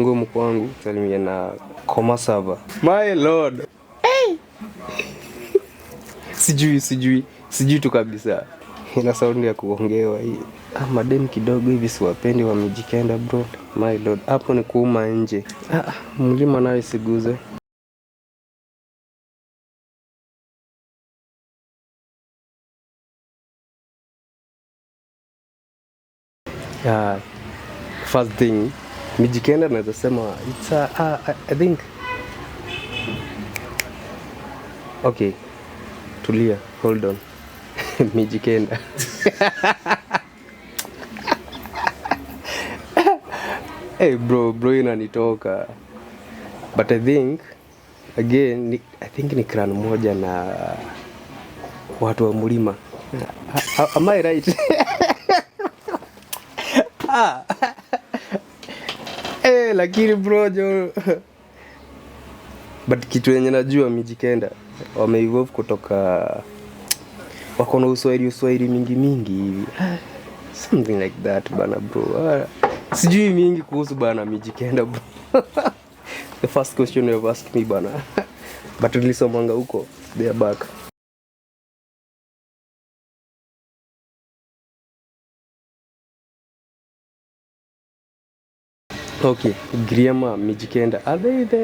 ngumu kwangu salimia na koma saba. My lord. Hey. Sijui, sijui, sijui tu kabisa. Ina saundi ya kuongewa hii. Ah, madem kidogo hivi siwapendi wamejikenda bro. My lord, hapo ni kuuma nje. Ah, mlima nayo siguze. Ah, first thing Mijikenda naweza sema it's a, a, I think okay, tulia, hold on Mijikenda hey bro, bro inanitoka but I think again ni, I think ni clan moja na watu wa mlima. Am I right? ah lakini bro jo but kitu yenye najua Mijikenda wame evolve kutoka wako na uswahili uswahili mingi mingi hivi something like that bana bro. Ah, sijui mingi kuhusu bana Mijikenda bro. The first question you have asked me bana but nilisomanga huko they are back okay Mijikenda. Are they ఇదే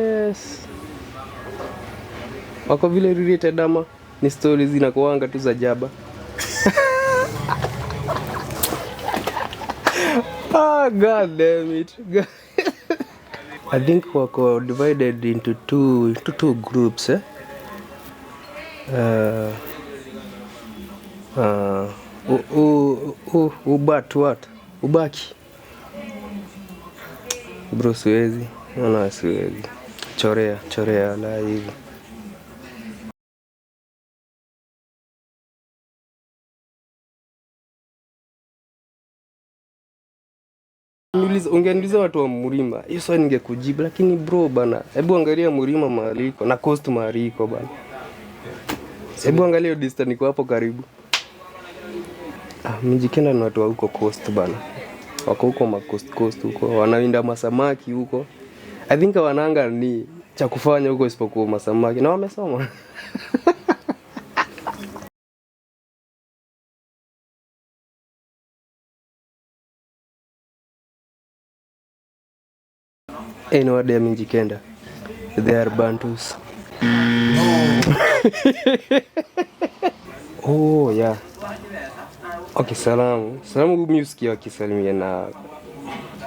wako vile related ama ni stories zinakuanga tu za jaba ah, God damn it. I think wako divided into two, into two groups eh? uh, uh, u, u, u, ubat what ubaki Bro siwezi, naona siwezi. Chorea, chorea la hivi. Ungeniuliza watu wa Murima, hiyo swali ningekujibu, lakini bro bana, hebu angalia Murima mahali iko na coast mahali iko bana. Hebu angalia distance iko hapo karibu. Ah, Mijikenda ni watu wa huko coast bana wako huko ma coast huko wanawinda masamaki huko. I think wananga ni cha kufanya huko isipokuwa masamaki na wamesoma Hey, no wade minjikenda they are bantus mm. oh yeah Okay, salamu. Salamu mimi usikia wakisalimia na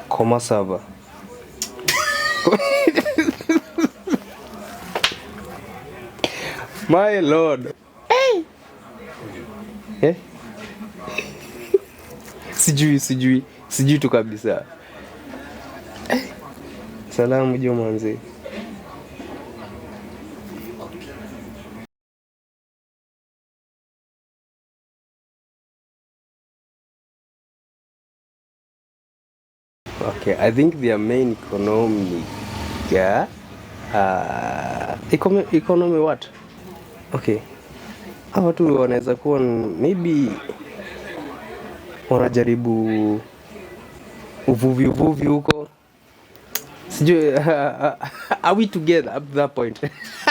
koma saba. My lord. Hey. Eh? Sijui, sijui, sijui tu kabisa. Eh. Salamu Juma mzee. Okay, I think their main economy yeah, uh, economy, economy what? Okay. Hawa tu wanaweza kuwa maybe wanajaribu uvuvi uvuvi huko sijui, uh, are we together up that point?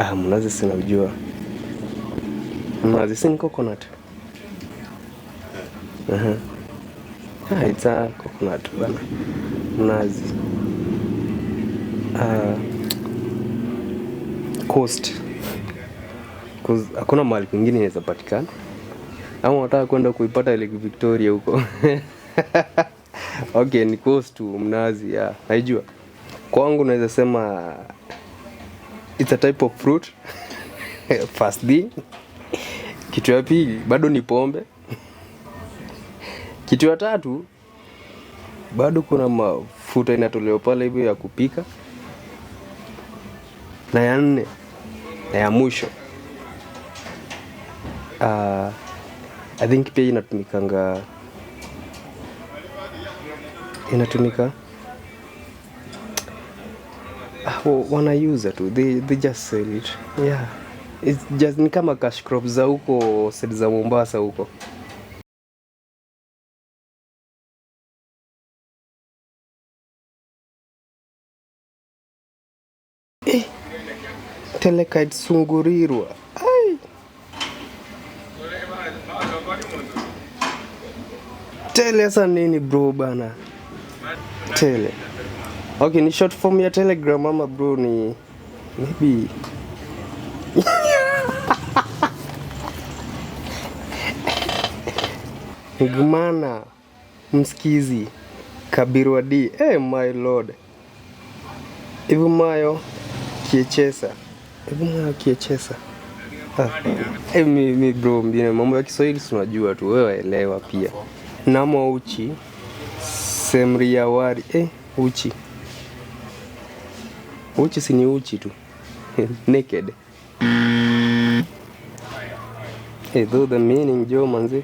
Ah, mnazi sina ujua. Mnazi sin coconut. Uh -huh. Ah, it's a coconut bana. Mnazi. Ah, coast. Hakuna mahali pengine inaweza patikana. Ama unataka kwenda kuipata ile Victoria huko. Okay, ni coast tu mnazi ya. Yeah. Najua. Kwangu naweza sema it's a type of fruit first thing. Kitu ya pili bado ni pombe. Kitu ya tatu bado kuna mafuta inatolewa pale hivyo ya kupika, na ya nne na ya mwisho uh, I think pia inatumikanga inatumika wako wanaiuza tu they, they just sell it yeah. It's just, ni kama cash crop za huko seli za Mombasa huko eh, Teleka sungurirwa Ai. Tele sana nini bro bana, tele Okay, ni short form ya Telegram ama bro ni maybe Gumana msikizi D. Hey, eh, my lord mayo Kiechesa mayo Kiechesa ah. Hey, eh, mi, mi bro mbine mambo ya Kiswahili tunajua tu, wewe elewa pia. Namo uchi semri ya wari. eh, uchi Uchi si ni uchi tu naked. Hey, though the meaning jo manzi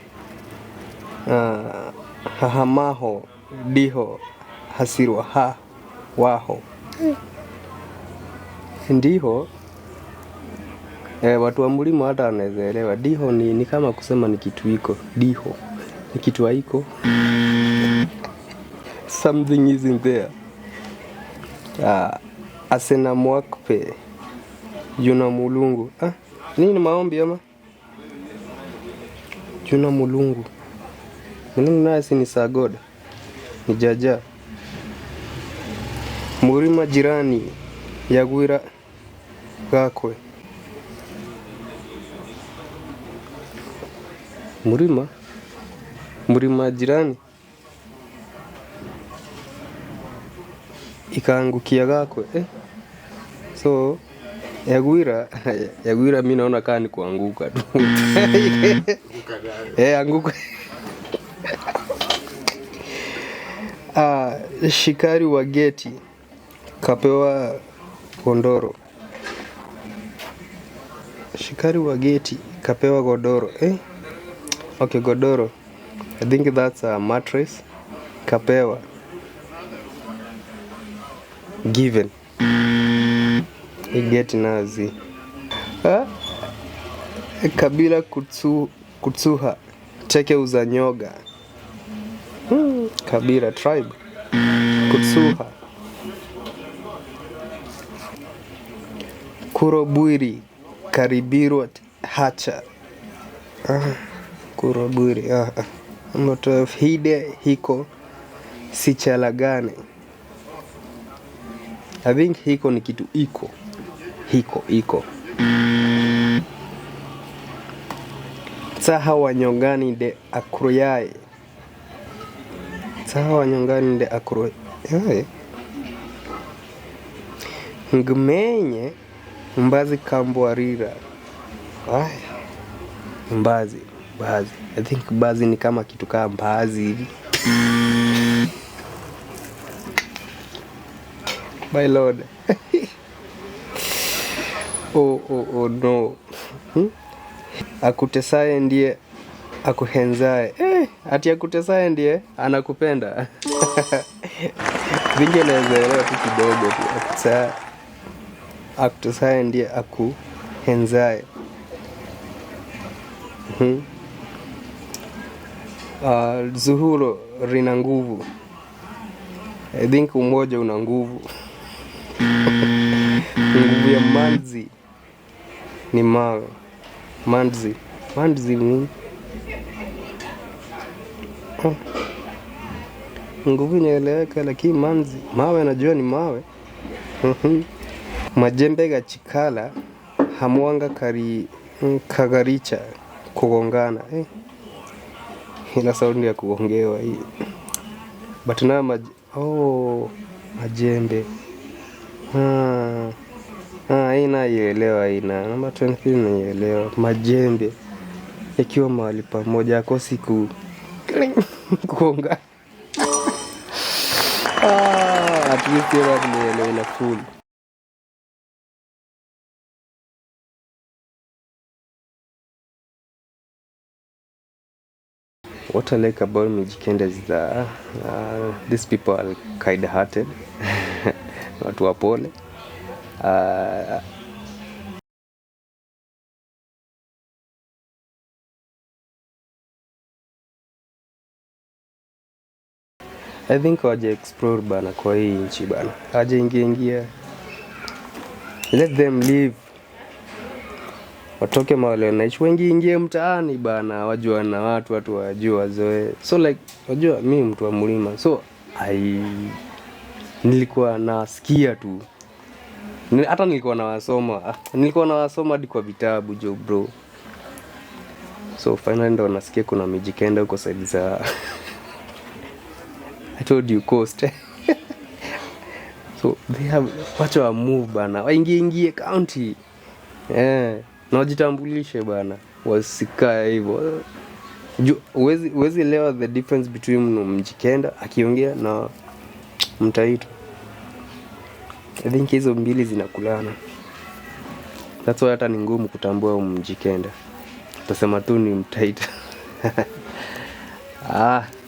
uh, ah, hahamaho diho hasirwa ha waho ndiho eh, watu wa mlima hata wanawezaelewa diho ni, ni kama kusema ni kitu iko diho ni kitu haiko mm. something isn't there ah asena mwakpe juna mulungu ah, nini maombi ama juna mulungu mulungu naye si ni sagoda ni jaja murima jirani yagwira gakwe murima murima jirani ikaangukia gakwe eh? so Yagwira Yagwira, mi naona kaa ni kuanguka tu eh, anguka Ah, Shikari wa geti kapewa godoro Shikari wa geti kapewa godoro eh? Okay, godoro. I think that's a mattress. Kapewa given igeti Nazi. Ha? Ah, Kabila Kutsu, Kutsuha Cheke Uzanyoga. Hmm. Kabila tribe Kutsuha Kurobwiri Karibirwa Hacha. Ah, Kurobwiri ah, ah. Motofhide hiko sichalagane. I think hiko ni kitu iko hiko iko Tsaha wa nyongani de akuruyae Tsaha wa nyongani de akuruyae Ngmenye mbazi kambwarira mbazi mbazi, I think mbazi ni kama kitu kaa mbazi hivi. My lord Oh, oh, oh, no hmm? Akutesaye ndiye akuhenzaye eh, ati akutesaye ndiye anakupenda vingi nawezaelewa tu kidogo tu. Akutesaye ndiye akuhenzaye hmm? Uh, zuhuro lina nguvu. I think umoja una nguvu nguvu ya manzi ni mawe. Manzi. Manzi ni oh. nguvu inaeleweka, lakini manzi mawe, najua ni mawe. Mhm. Majembe gachikala hamwanga kari mm, kagaricha kugongana eh. Ila saundi ya kugongewa hii but na maj... oh, majembe ah. Ah, Aina ielewa aina namba 23 naielewa majembe ikiwa mahali pamoja akosi ku kuonga ah, at least hiyo nielewa ina full What I like about Mijikenda is that uh, these people are kind-hearted, watu wapole uh, I think waje explore bana, kwa hii nchi bana, waje ingia ingia, let them live, watoke mahali wanaishi, wengi ingie mtaani bana, wajua na watu watu wajua, wazoe. So like wajua, mi mtu wa mlima, so I nilikuwa nasikia tu hata nilikuwa nawasoma ah, nilikuwa nawasoma hadi kwa vitabu jo bro so finally ndo nasikia kuna mijikenda huko side za I told you coast so they have wacha wa move bana waingie ingie county eh na wajitambulishe bana wasikae hivyo huwezi elewa the difference between mjikenda akiongea na mtaito I think hizo mbili zinakulana. That's why hata ni ngumu kutambua Mjikenda, utasema tu ni Mtaita. ah.